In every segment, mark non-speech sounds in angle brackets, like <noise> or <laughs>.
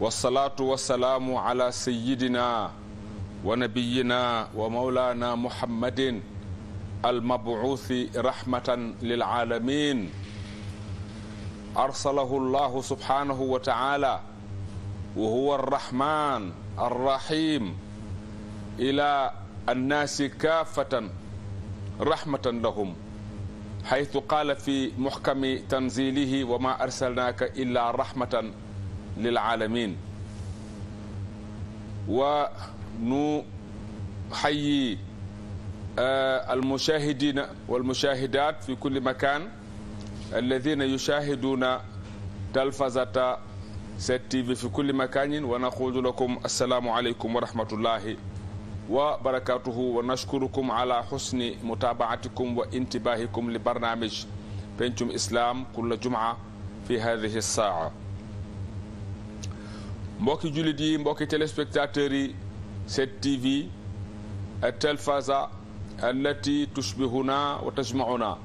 wasalaatu wasalaamu ala sayidina wa nabiyina wa maulana muhammadin almabuuthi rahmatan lilaalamin arsalahu llahu subhanahu wa taala wa huwa arrahman arrahim ila annaasi kaafatan rahmatan lahum haythu qaala fi muhkami tanzilihi wa ma arsalnaaka illa rahmatan للعالمين ونحيي المشاهدين والمشاهدات في كل مكان الذين يشاهدون تلفزة سات تي في في كل مكان ونقول لكم السلام عليكم ورحمة الله وبركاته ونشكركم على حسن متابعتكم وانتباهكم لبرنامج بنتم إسلام كل جمعة في هذه الساعة mbokki jullit yi mbokki téléspectateurs yi 7TV Telfaza allati tushbihuna wa tajmauna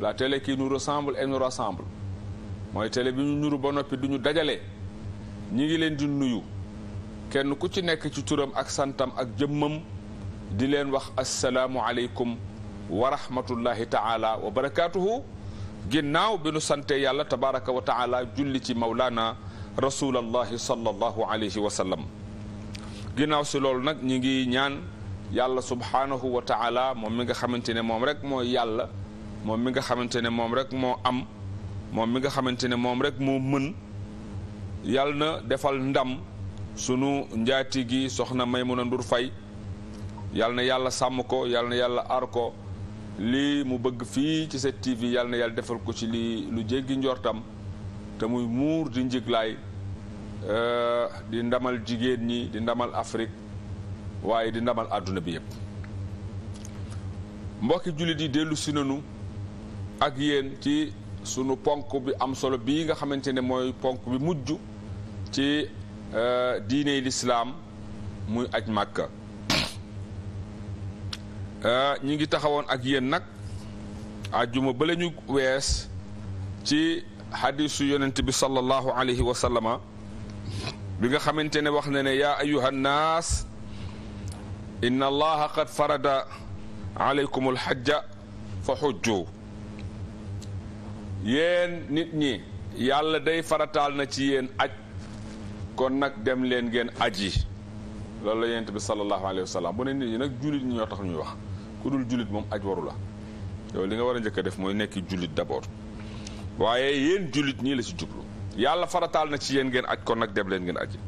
la télé qui nous ressemble et nous rassemble mooy télé bi ñu nuru ba noppi du ñu dajale ñi ngi leen di nuyu kenn ku ci nekk ci turam ak santam ak jëmmam di leen wax asalaamu aleykum wa rahmatullahi taala wa barakaatuhu ginnaaw bi nu sante yàlla tabaraka wa taala julli ci mawlaana rasulallahi sallallahu alayhi wa sallam ginnaaw si loolu nag ñi ngi ñaan yàlla subhaanahu wa taala moom mi nga xamante ne moom rek moo yàlla moom mi nga xamante ne moom rek moo am moom mi nga xamante ne moom rek moo mën yàlla na defal ndam sunu njaati gi soxna may Maymuna Ndour Faye yàlla na yàlla sàmm ko yàlla na yàlla aar ko lii mu bëgg fii ci 7TV yàlla na yàlla defal ko ci lii lu jéggi njoortam te muy muur di njiglaay euh, di ndamal jigéen ñi di ndamal Afrique waaye di ndamal àdduna bi yëpp mbokki jullit yi dellusi si nanu ak yéen ci sunu ponk bi am solo bii nga xamante ne mooy ponk bi mujj ci euh, diiney lislaam muy aj màkka euh, ñi ngi taxawoon ak yéen nag ajjuma ba la ñu wees ci xadiisu yonent bi sallallahu alayhi wa sallama bi nga xamante ne wax na ne ya ayuha nnaas inna allaha qad farada alaykum alxajja fa xujju yéen nit ñi yàlla day farataal na ci yéen aj kon nag dem leen ngeen aji loolu la bi sallallahu alayhi wa bu ne nit ñi nag jullit ñi ñoo tax ñuy wax ku dul jullit moom aj waru la yow li nga war a njëkk def mooy nekk jullit d'abord waaye yéen jullit ñii la ci jublu yàlla farataal na ci yéen ngeen aj kon nag dem leen ngeen aji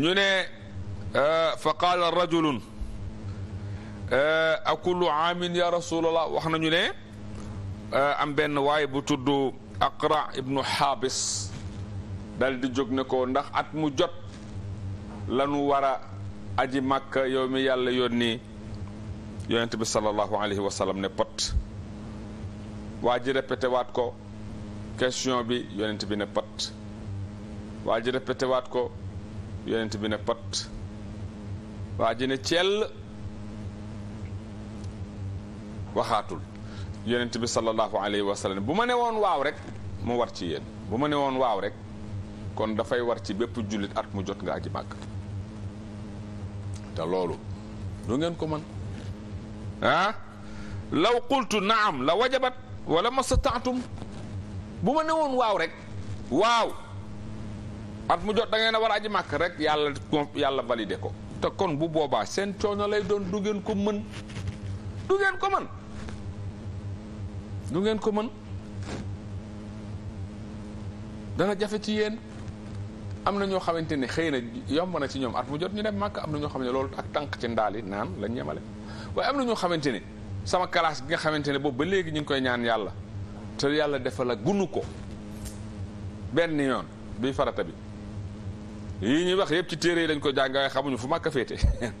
ñu ne euh, fa qaala rajulun euh, akullu aamin ya rasulallah wax nañu ne euh, am benn waaye bu tudd aqra ibnu xaabis dal di jóg ne ko ndax at mu jot lanu war a aji màkka yow mi yàlla yónni yonent bi salallahu alayhi wa sallam ne pot waa ji répété waat ko question bi yonent bi ne pat waa ji répété waat ko yonent bi ne pat waa ji ne cell waxaatul yonent bi sallallahu alayhi wa sallam bu ma ne woon waaw rek mu war ci yéen bu ma ne woon waaw rek kon dafay war ci bépp jullit at mu jot nga aji màgg te loolu du ngeen ko mën ah law qultu naam la wajabat wala mastata'tum bu ma newoon waaw rek waaw at mu jot dangeen ngeen a war a aji màkk rek yàlla yàlla validé ko te kon bu boobaa seen coono lay doon du ngeen ko mën du ngeen ko mën du ngeen ko mën dana jafe ci yéen am na ñoo xamante ne xëy na yomb na ci ñoom at mu jot ñu dem màkk am na ñoo xam ne loolu ak tànk ci ndaali naan la yemale waaye am na ñoo xamante ne sama classe bi nga xamante ne boobu ba léegi ñu ngi koy ñaan yàlla te yàlla defa la gunu ko benn yoon bi farata bi yii ñuy wax yëpp ci téere yi dañ ko jàng xamuñu fu màkk féete <laughs>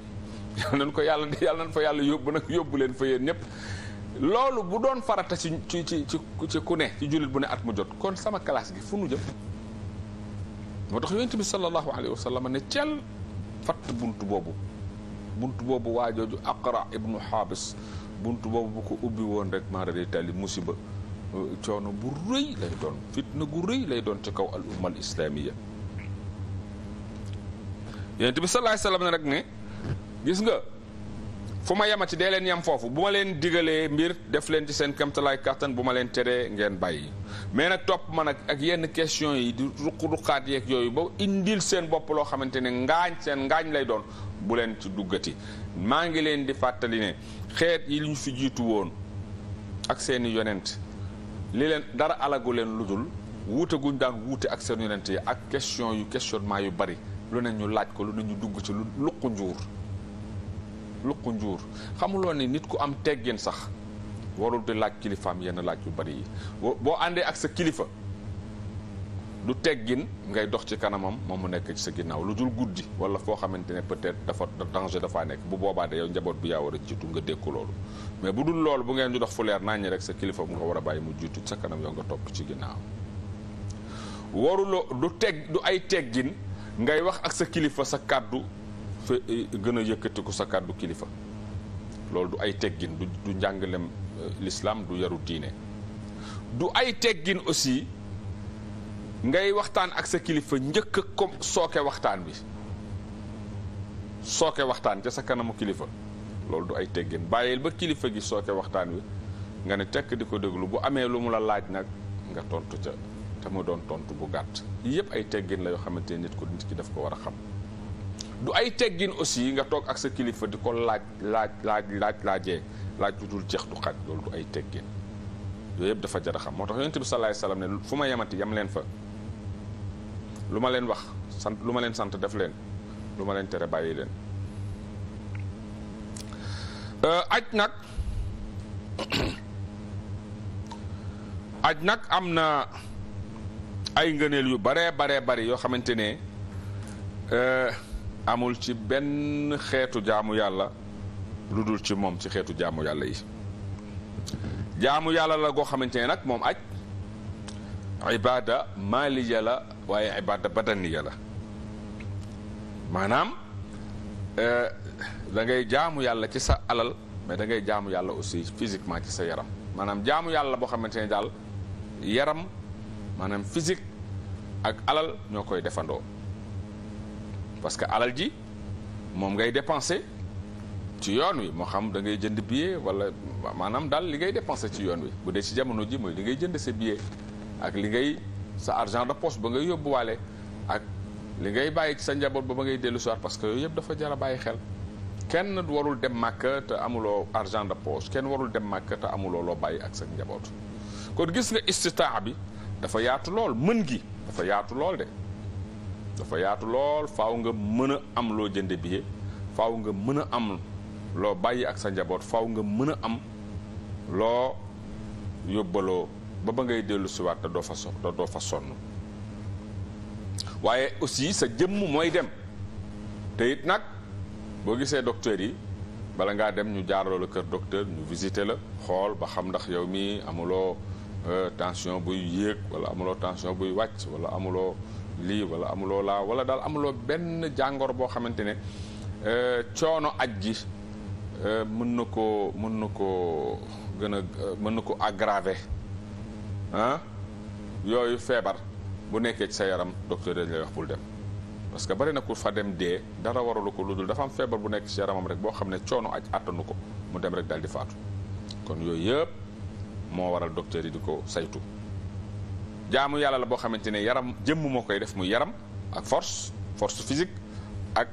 yàlla nañ ko yàlla <laughs> yàlla nañ fa yàlla yóbbu nag yóbbu leen fa yéen ñëpp loolu bu doon farata ci ci ci ci ku ne ci jullit bu ne at mu jot kon sama classe gi fu nu jëm moo tax yonent bi sallallahu alayhi wa sallam ne cel fatt bunt boobu bunt boobu waa jooju aqra ibnu xaabis bunt boobu bu ko ubbi woon rek maara day tali musiba coono bu rëy lay doon fitna gu rëy lay doon ci kaw al umma al islamiya yonent bi salaay salaam ne nag ne gis nga fu ma yemati dee leen yam foofu bu ma leen digalee mbir def leen ci seen kamtalaay kàttan bu ma leen tere ngeen bàyyi mais nag topp ma nag ak yenn question yi di ruq-ruqaat yeeg yooyu ba indil seen bopp loo xamante ne ngaañ seen ngaañ lay doon bu leen ci duggati maa ngi leen di fàttali ne xeet yi ñu fi jiitu woon ak seeni yonent li leen dara alagu leen ludul wuute guñ daan wuute ak seen yonent yi ak question yu questionnement yu bari lu ne ñu laaj ko lu ñu dugg ci lu luqu luq njuur xamuloo ne nit ku am teggin sax warul di laaj kilifaam yenn laaj yu bari yi boo àndee ak sa kilifa du teggin ngay dox ci kanamam moom mu nekk ci sa ginnaaw lu dul guddi wala foo xamante ne peut-être dafa danger dafaa nekk bu boobaa de yow njaboot bi yaa war a jiitu nga dékku loolu mais bu dul loolu bu ngeen di dox fu leer naa ñi rek sa kilifa mu nga war a bàyyi mu jiitu sa kanam yow nga topp ci ginnaaw waruloo du teg du ay teggin ngay wax ak sa kilifa sa kàddu fe eh, gën a yëkkatiku sa kàddu kilifa loolu du ay teggin du du njàngalem eh, l'islam du yaru diine du ay teggin aussi ngay waxtaan ak sa kilifa njëkk a comme sooke waxtaan bi sooke waxtaan ca sa kanamu kilifa loolu du ay teggin bàyyil ba kilifa gi sooke waxtaan wi nga ne tekk di ko déglu bu amee lu mu la laaj nag nga tontu ca te mu doon tontu bu gàtt yépp ay teggin la yoo xamante nit ko nit ki daf ko war a xam du ay teggin aussi nga toog ak sa kilifa di ko laaj laaj laaj laaj laajee laaj du dul jeex du xaj loolu du ay teggin yooyu yëpp dafa jar a xam moo tax yonent salaay salaam ne fu ma yamati yam leen lu ma leen wax sant lu ma leen sant def lu ma tere bàyyi leen euh, aj nag <coughs> aj nag am na ay ngëneel yu baree baree bari yoo xamante ne euh, amul ci benn xeetu jaamu yàlla lu dul ci moom ci xeetu jaamu yàlla yi jaamu yàlla la goo xamante ne nag moom aj ibaada maaliya la waaye ibaada badaniya la maanaam euh, da ngay jaamu yàlla ci sa alal mais dangay ngay jaamu yàlla aussi physiquement ci sa yaram maanaam jaamu yàlla boo xamante ne daal yaram maanaam physique ak alal ñoo koy defandoo parce que alal ji moom ngay dépenser ci yoon wi moo xam da ngay jënd billet wala maanaam daal li ngay dépenser ci yoon wi bu dee ci jamono ji mooy li ngay jënd sa billet ak li ngay sa argent de poche ba ngay yóbbuwaale ak li ngay bàyyi sa njaboot ba ba ngay dellu soir parce que yooyu yëpp dafa jara bàyyi xel kenn warul dem màkk te amuloo argent de poche kenn warul dem màkk te amuloo loo bàyyi ak sa njaboot kon gis nga istitaa bi dafa yaatu lool mën gi dafa yaatu lool de dafa yaatu lool faw nga mën a am loo jënd billet faw nga mën a am loo bàyyi ak sa njaboot faw nga mën a am loo yóbbaloo ba ba ngay dellu siwaat te doo fa sonn waaye aussi sa jëmm mooy dem te it nag boo gisee docteur yi bala ngaa dem ñu jaarloo la kër docteur ñu visiter la xool ba xam ndax yow mii amuloo euh, tension buy yéeg wala amuloo tension buy wàcc wala amuloo lii wala amuloo laa wala daal amuloo benn jàngoor boo xamante ne euh, coono aj gi euh, euh, mën na ko mën na ko gën a mën na ko aggrave ah yooyu feebar bu nekkee ci sa yaram docteur dañ lay wax bul dem parce que bari na ku fa dem dee dara waralu ko lu dul dafa am feebar bu nekk ci yaramam rek boo xam ne coono aj àttanu ko mu dem rek daal di faatu kon yooyu yëpp moo waral docteur yi di ko saytu jaamu yàlla la boo xamante ne yaram jëmm koy def muy yaram ak force force physique ak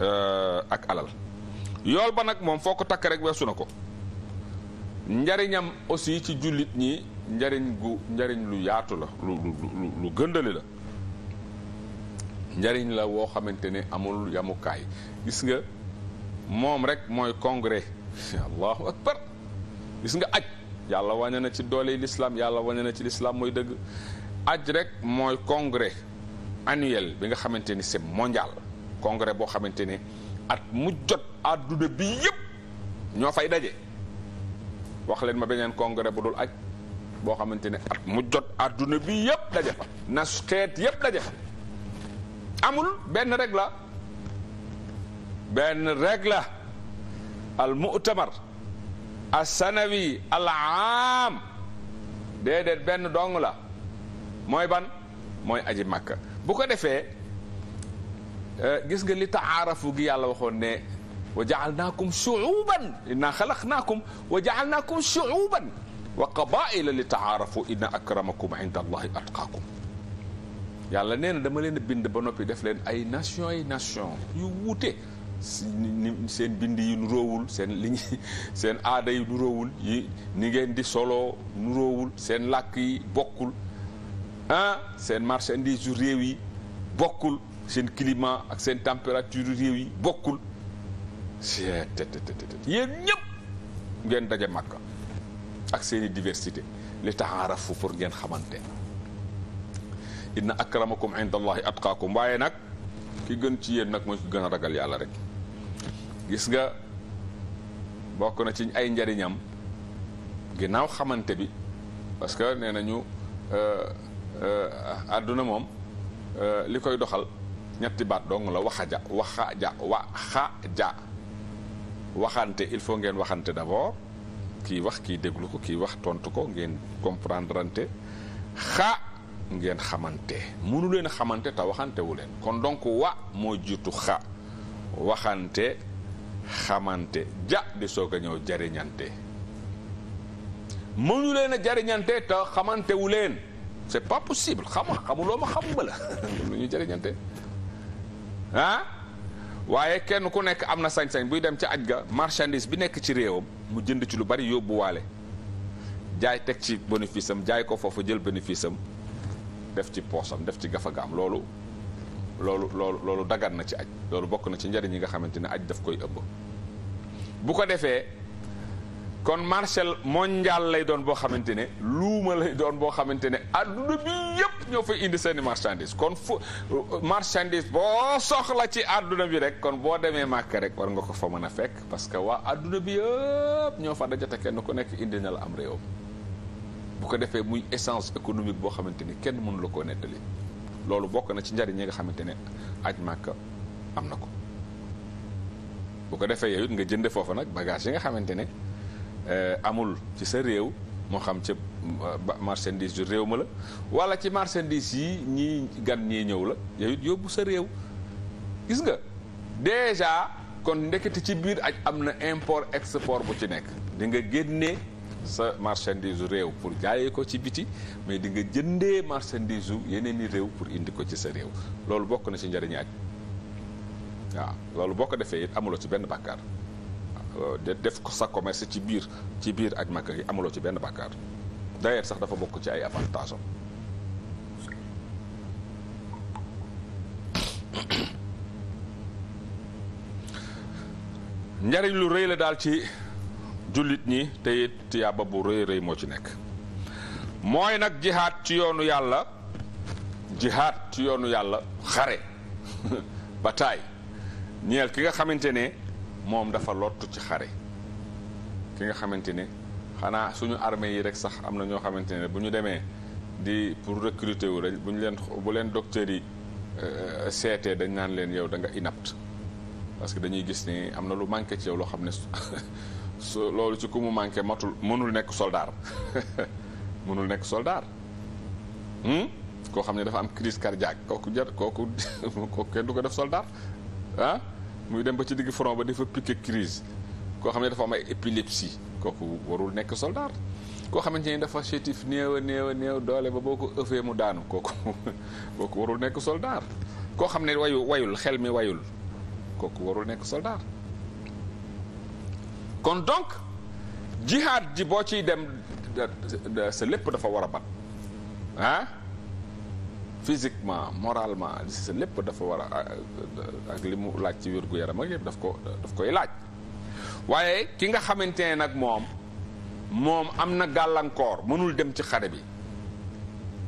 euh, ak alal yool ba nag moom foo ko takk rek weesu na ko njariñam aussi ci jullit ñi njariñ gu njariñ lu yaatu la lu lu lu gëndale la njariñ la woo xamante ne amul yamukaay gis nga moom rek mooy congrès <laughs> allahu akbar gis nga aj yàlla wane na ci doole l'islam yàlla wane na ci l'islam mooy dëgg aj rek mooy congrès annuel bi nga xamante ni c'est mondial congrès boo xamante ni at mu jot àdduna bi yëpp ñoo fay daje waxleen ma beneen congrès bu dul aj boo xamante ne at mu jot àdduna bi yëpp daje fa na xeet yëpp daje fa amul benn rek la benn rek la al mu'tamar asanawi alaam déedéet benn dong la mooy ban mooy aji màkka bu ko defee euh, gis nga li taarafu gi yàlla waxoon ne wa jaalnaakum shuuban inna xalaqnaakum wa jaalnaakum shuuban wa qabaila li taarafu inna akramakum inda allahi atqaakum yàlla nee na dama leen a bind ba noppi def leen ay nation ay nation yu wuute seen bind yi nu róowul seen li <laughs> seen aada yi nu róowul yi ni ngeen di solo nu róowul seen làkk yi bokkul ah seen marchandise yu réew yi bokkul seen climat ak seen température yu réew yi bokkul c'est yéen ñëpp ngeen daje màkka ak seeni diversité li taxaarafu pour ngeen xamante inna akramakum inda allahi atqaakum waaye nag ki gën ci yéen nag mooy ki gën a ragal yàlla rek gis nga bokk na ci ay njariñam ginnaaw xamante bi parce que nee nañu euh, euh, àdduna moom euh, li koy doxal ñetti baat dong la waxaja waxaja waxaja waxante il faut ngeen waxante d'abord kii wax kii déglu ko kii wax tontu ko ngeen comprendrante xaa ngeen xamante mënu leen a xamante ta waxantewu leen kon donc wa moo jiitu xa waxante xamante ja di soog a ñëw jariñante mënu leen jariñante te xamante leen c'est pas possible xama xamuloo ma xamuma la lu <laughs> ñu jariñante ah waaye kenn ku nekk am na sañ-sañ buy dem ca aj ga marchandise bi nekk ci réewam mu jënd ci lu bari yóbbu waale jaay teg ci bénéfice am jaay ko foofu jël bénéfice def ci poosam def ci gafa gaam loolu loolu loolu loolu dagan na ci aj loolu bokk na ci njariñ yi nga xamante ne aj daf koy ëmb bu ko defee kon marché mondial lay doon boo xamante ne luuma lay doon boo xamante ne adduna bi yëpp ñoo fa indi seeni marchandise kon fu marchandise boo soxla ci adduna bi rek kon boo demee màkk rek war nga ko fa mën a fekk parce que waa adduna bi yëpp ñoo fa dajate kenn ku nekk indi na la am réewam bu ko defee muy essence économique boo xamante ni kenn mënu la koo nettali loolu bokk na ci njariñ yi nga xamante ne aj màkka am na ko bu ko defee yow nga jënde foofa nag bagage yi nga xamante ne euh, amul ci sa réew moo xam ca marchandise yu réew ma la wala ci marchandise yi ñii gan ñii ñëw la yow yóbbu sa réew gis nga déjà kon ndekete ci biir aj am na import export bu ci nekk di nga génnee sa marchandise réew pour jaayee ko ci biti mais di nga jëndee marchandise u yeneen i réew pour indi ko ci sa réew loolu bokk na ci njëriñ aj waaw loolu boo ko defee it amuloo ci benn bàkkaar waaw def ko sa commerce ci biir ci biir aj Makka yi amuloo ci benn bàkkaar d'ailleurs sax dafa bokk ci ay avantage <coughs> njariñ lu réy la daal ci jullit ñi te it tiyaaba bu rëy rëy moo ci nekk mooy nag jihaad ci yoonu yàlla jihaad ci yoonu yàlla xare <laughs> bataay ñeel ki nga xamante ne moom dafa lottu ci xare ki nga xamante ne xanaa suñu armée yi rek sax am na ñoo xamante ne bu ñu demee di pour recruter wu rek bu ñu leen bu leen docteur yi euh, seetee dañ naan leen yow da nga inapte parce que dañuy gis ni am na lu manqué ci yow loo xam ne <laughs> so loolu ci ku mu manqué matul mënul nekk soldaar <laughs> mënul nekk soldaar hmm? koo xam ne dafa am crise cardiaque kooku jar <laughs> kooku kenn du ko def soldat ah muy dem ba ci diggu front ba dafa piqué crise koo xam ne dafa am ay épilepsie kooku warul nekk soldat koo xamante ni dafa chétif néew doole ba boo ko ëffee mu daanu kooku <laughs> kooku warul nekk soldat koo xam ne wayu wayul xel mi wayul kooku warul nekk soldat kon donc jihaad ji boo ciy dem sa lépp dafa war a bat ah physiquement moralement sa lépp dafa war a ak li mu laaj ci wér-gu-yaram ak yëpp daf ko daf koy laaj waaye ki nga xamante ne nag moom moom am na gàllankoor mënul dem ci xare bi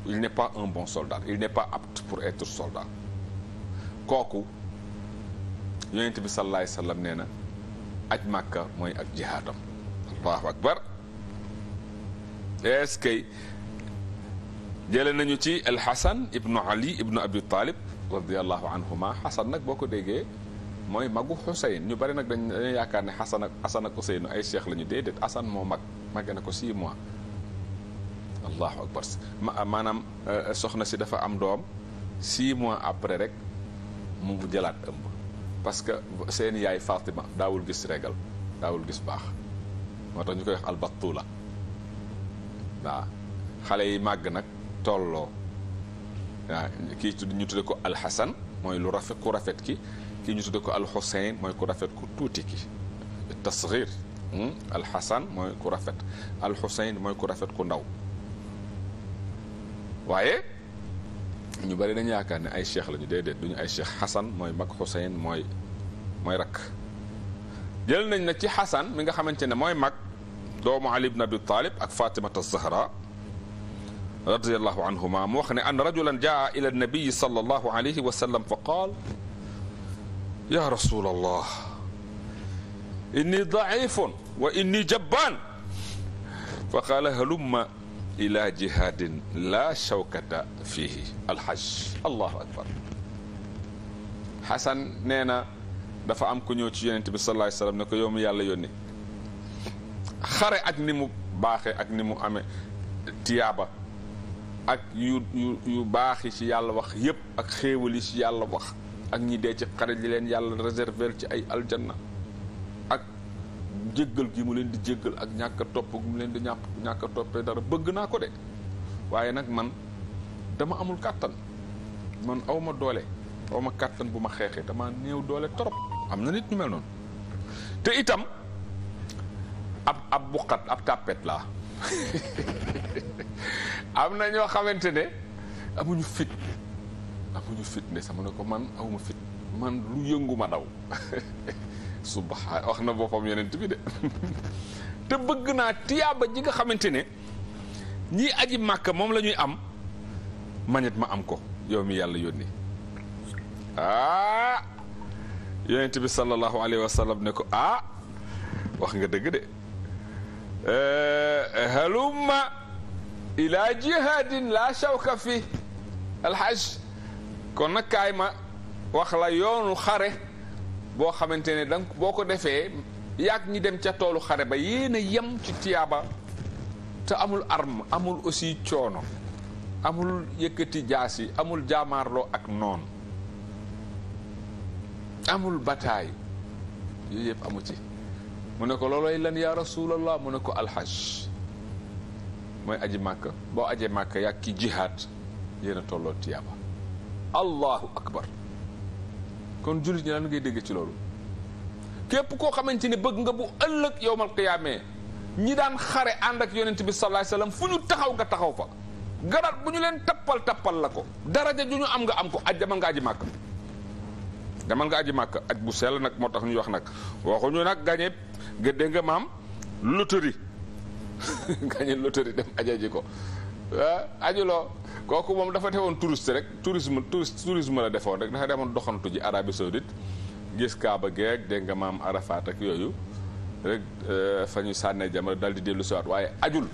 il n'est pas un bon soldat il n'est pas apte pour être soldat kooku yonent bi sallallahu alayhi wa nee na aj màkka mooy ak jihaadam allahu akbar est-ce que jële nañu ci alxasan ibnu ali ibnu abi talib radiallahu anhuma xasan nag boo ko déggee mooy magu xusayn ñu bari nag dañ dañu yaakaar ne xasan ak xasan ak xusayn ay cheikh la ñu déedéet asan moo mag màgg na ko six mois allahu akbar maanaam euh, soxna si dafa am doom six mois après rek mu jëlaat ëmb parce que seen yaay Fatima daawul gis régal daawul gis baax moo tax ñu koy wax albatula waaw xale yi màgg nag tolloo waaw kii tudd ñu tudde ko alxasan mooy lu rafet ku rafet ki ki ñu tudde ko alxuseyn mooy ku rafet ku tuuti ki tasgir hmm? alxasan mooy ku rafet alxuseyn mooy ku rafet ku ndaw waaye ñu bari dañu yaakaar ne ay cheikh lañu déedéet duñu ay cheikh Xasan mooy mag Xuseyn mooy mooy rakk jël nañ na ci Xasan mi nga xamante ne mooy mag doomu Ali ibn Abi Talib ak Fatimata Zahra radiyallahu anhuma mu wax ne an rajulan jaa ila nabiyi sallallahu alayhi wa sallam fa qaal ya rasul allah inni daifun wa inni jabbaan fa qaala halumma ila jihaadin la shawkata fiihi alxaj allahu akbar xasan nee na dafa am ku ñëw ci yonent bi sallallahu alayhi wasallam ne ko yow mu yàlla yónni xare ak ni mu baaxee ak ni mu amee tiyaaba ak yu yu yu baax yi ci yàlla wax yépp ak xéewal yi ci yàlla wax ak ñi dee ci xare li leen yàlla réserver ci ay aljanna jéggal gi mu leen di jéggal ak ñàkk a topp gi mu leen di ñàpp ñàkk toppee dara bëgg naa ko de waaye nag man dama amul kàttan man aw ma doole aw ma kàttan bu ma xeexee dama néew doole torop am na nit ñu mel noonu te itam ab ab buqat ab tàppet laa <laughs> am na ñoo xamante ne amuñu fit amuñu fit ne sama ne ko man awma fit man lu yënguma ma daw <laughs> subhaan wax na boppam yonent bi de <laughs> te bëgg naa tiyaaba ji nga xamante ne ñii aji màkk moom lañuy am manit ma am ko yow mi yàlla yónni ah yonent bi sallallahu alayhi wa ne ko ah wax nga dëgg de eh, halumma ila jihadin la shawka fi alhaj kon nag kaay ma wax la yoonu xare boo xamante ne danga boo ko defee yàgg ñi dem ca toolu xare ba yéen a yem ci tiyaaba te amul arme amul aussi coono amul yëkkati jaas yi amul jaamaarloo ak noon amul bataay yooyu yëpp amu ci mu ne ko loolooy lan yaa rasulallah mu ne ko alxaj mooy aji màkk boo aje màkk yàgg ki jihaad yéen a tolloo tiyaaba allahu akbar kon jullit ñi lan ngay dégg ci loolu képp koo xamante ni bëgg nga bu ëllëg yowmal qiyaamee ñi daan xare ànd ak yonent bi sallallahu alayhi wasallam fu ñu taxaw nga taxaw fa garat bu ñu leen tappal tappal la ko daraja ju ñu am nga am ko aj demal nga aji màkk demal nga aji màkk aj bu sell nag moo tax ñuy wax nag waxuñu nag gañe gëdde nga maam loterie <laughs> gañe loterie dem ajaji ko ah, ajuloo kooku moom dafa defoon touriste rek tourism tourisme tourisme la defoon rek dafa demoon doxantu ji Arabie Saoudite gis Kaaba geeg dégg nga maam Arafat ak yooyu rek euh, fa ñu sànnee jamono dal di dellu siwaat waaye ajul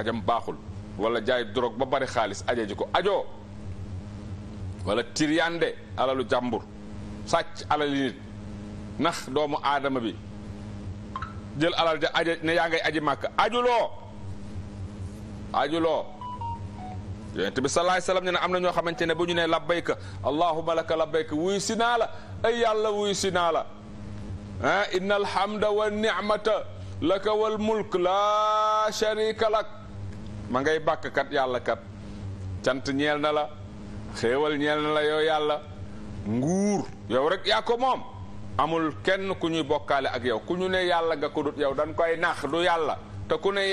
ajam baaxul wala jaay drogue ba bari xaalis aje ko ajoo wala tiryande alalu jàmbur sàcc alali nit ndax doomu aadama bi jël alal ja aje ne yaa ngay aji màkk ajuloo ajuloo yonent bi salaay salaam am na ñoo xamante ne bu nee labbayka allahumma laka labbayka wuy si naa la si naa la ah inna alhamda wa nicmata laka wal mulk laa sharika lak ma la xéewal la yow yàlla nguur rek yaa ko moom kenn ku ñuy bokkaale ak yow ku ñu ne yàlla nga ku dul yow dañ koy nax du yàlla te ku ne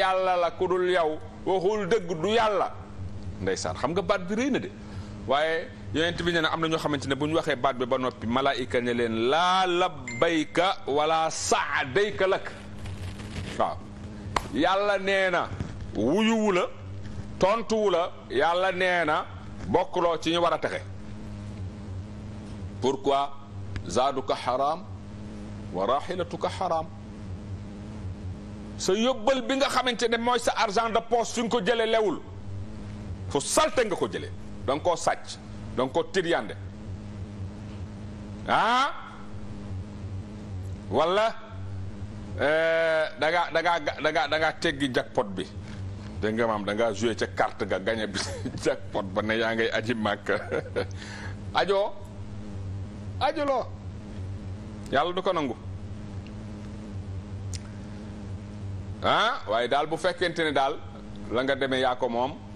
waxul dëgg du yàlla ndeysaan xam nga baat bi rëy na de waaye yonent bi nee na am na ñoo xamante ne bu ñu waxee baat bi ba noppi malaayika ne leen laa labbayka wala saadayka lak waaw yàlla nee na wuyuwu la tontuwu la yàlla nee na bokkuloo ci ñu war a texe pourquoi zaaduka xaraam wa raxilatuka xaraam sa yóbbal bi nga xamante ne mooy sa argent de poche fi nga ko jële lewul fu salte nga ko jële da nga koo sàcc da nga koo tiryande ah wala da eh, ngaa danga ngaa da ngaa da teggi jackpot bi dégg nga maam da ngaa joué ca carte ga gañe bi <laughs> jackpot ba ne yaa ngay aji màkk <laughs> ajoo ajuloo yàlla du ko nangu ah waaye daal bu fekkente ne daal la nga deme yaa ko moom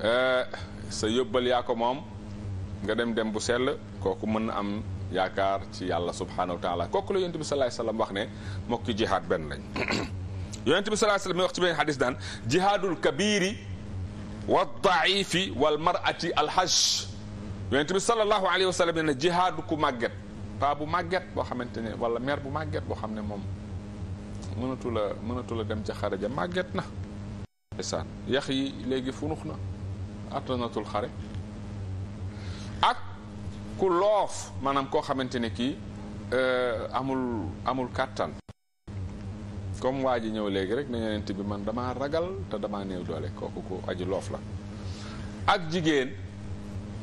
Eh, sa yóbbal yaa ko moom nga dem dem bu sell kooku mën na am yaakaar ci yàlla subhaanahu wa taala kooku la yonent bi salaay salaam wax ne mokki jihaad benn lañ <coughs> yonent bi salaay salaam mi benn xadis daan jihaadul kabiri wa daifi wal marati alhaj yonent bi salallahu alayhi wa sallam ne ne jihaadu ku màgget paa bu màgget boo xamante ne wala mer bu màgget boo xam ne moom mënatu la mënatu la dem ca xaraja màgget na ndeysaan yax yi léegi funux na attanatul xare ak ku loof maanaam koo xamante ni kii euh, amul amul kàttan comme waa ji ñëw léegi rek ne yonent bi man dama ragal te dama néew doole kooku ku aji loof la ak jigéen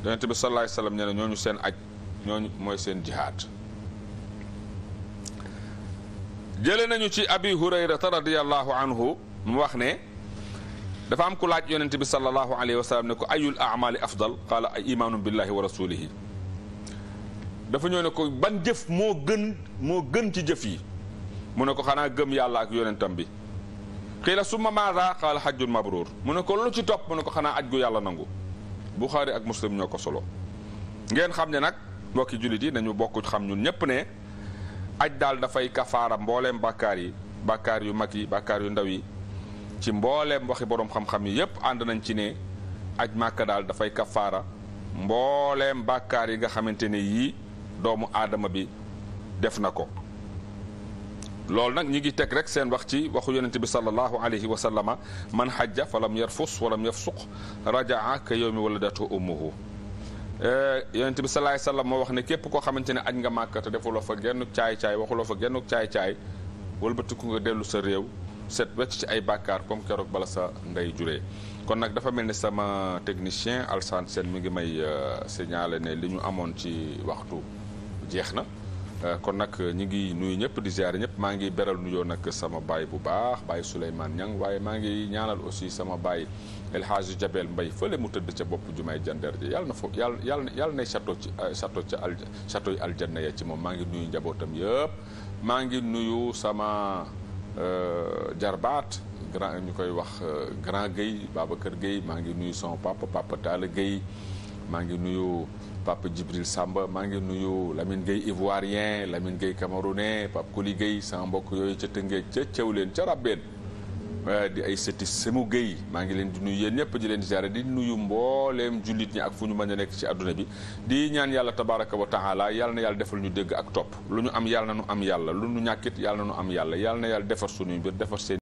yonent bi sallallahu alayhi wasallam ñooñu seen aj ñooñu mooy seen jihaad jële nañu ci abi hurayrata radiallahu anhu mu wax ne dafa am ku laaj yonent bi sallallahu alayhi wa sallam ne ko ayul amali afdal qaala ay imaanu billahi wa rasulihi dafa ñëw ne ko ban jëf moo gën moo gën ci jëf yi mu ne ko xanaa gëm yàlla ak yonentam bi qiila summa maada qaala xajjun mabruur mu ne ko lu ci topp mu ne ko xanaa aj gu yàlla nangu buxaari ak muslim ñoo ko solo ngeen xam ne nag mbokki jullit yi nañu bokku xam ñun ñépp ne aj daal dafay kafaara mbooleem bàkkaar yi bàkkaar yu mag yi bàkkaar yu ndaw yi ci mbooleem waxi boroom xam-xam yi yépp ànd nañ ci ne aj màkka daal dafay kafaara mbooleem bakaar yi nga xamante ne yii doomu aadama bi def na ko loolu nag ñi ngi teg rek seen wax ci waxu yonente bi salallahu alayhi wa sallama man xajja fa lam yarfus walam yafsuq rajaa ka yowmi waladatu ummuhu eh, yonente bi salaay sallam moo wax ne képp koo xamante ne aj nga màkka te defuloo fa genn caay-caay waxuloo fa genn caay-caay wëlbatiku nga dellu sa réew set wecc ci ay bàkkaar comme keroog bala sa ndey juree kon nag dafa mel ni sama technicien Alsane Sène mi ngi may euh, signaler ne li ñu amoon ci waxtu jeex na euh, kon nag ñi ngi nuyu ñëpp di ziare ñëpp maa ngi beral nuyoo nag sama baay bu baax baay Souleymane Niang waaye maa ngi ñaanal aussi sama baay El Hadji Jabel Mbaye fële mu tëdd ca bopp jumay jandeer ji yàlla na fo yàlla yàlla yàlla nay château ci euh, château ci al château aljanna ya ci moom maa ngi nuyu njabootam yëpp maa ngi nuyu sama Euh, jarbaat grand ñu koy wax euh, grand Guèye kër Guèye maa ngi nuyu son papa papa Talla Guèye maa ngi nuyu papa Djibril Samba maa ngi nuyu Lamine Guèye ivoirien Lamine Guèye camerounais papa Koli Guèye sama mbokk yooyu ca Tëngéej ca leen ca Rabeen Euh, di ay sëti Sémou Gueye maa ngi leen di nuy yéen ñëpp di leen ziare di nuyu mbooleem jullit ñi ak fu ñu mën a nekk ci àdduna bi di ñaan yàlla tabaraka wa taala yàlla na yàlla defal ñu dégg ak topp lu ñu am yàlla nu am yàlla lu ñu ñàkkit yàlla na nu am yàlla yàlla na yàlla defar suñuy mbir defar seen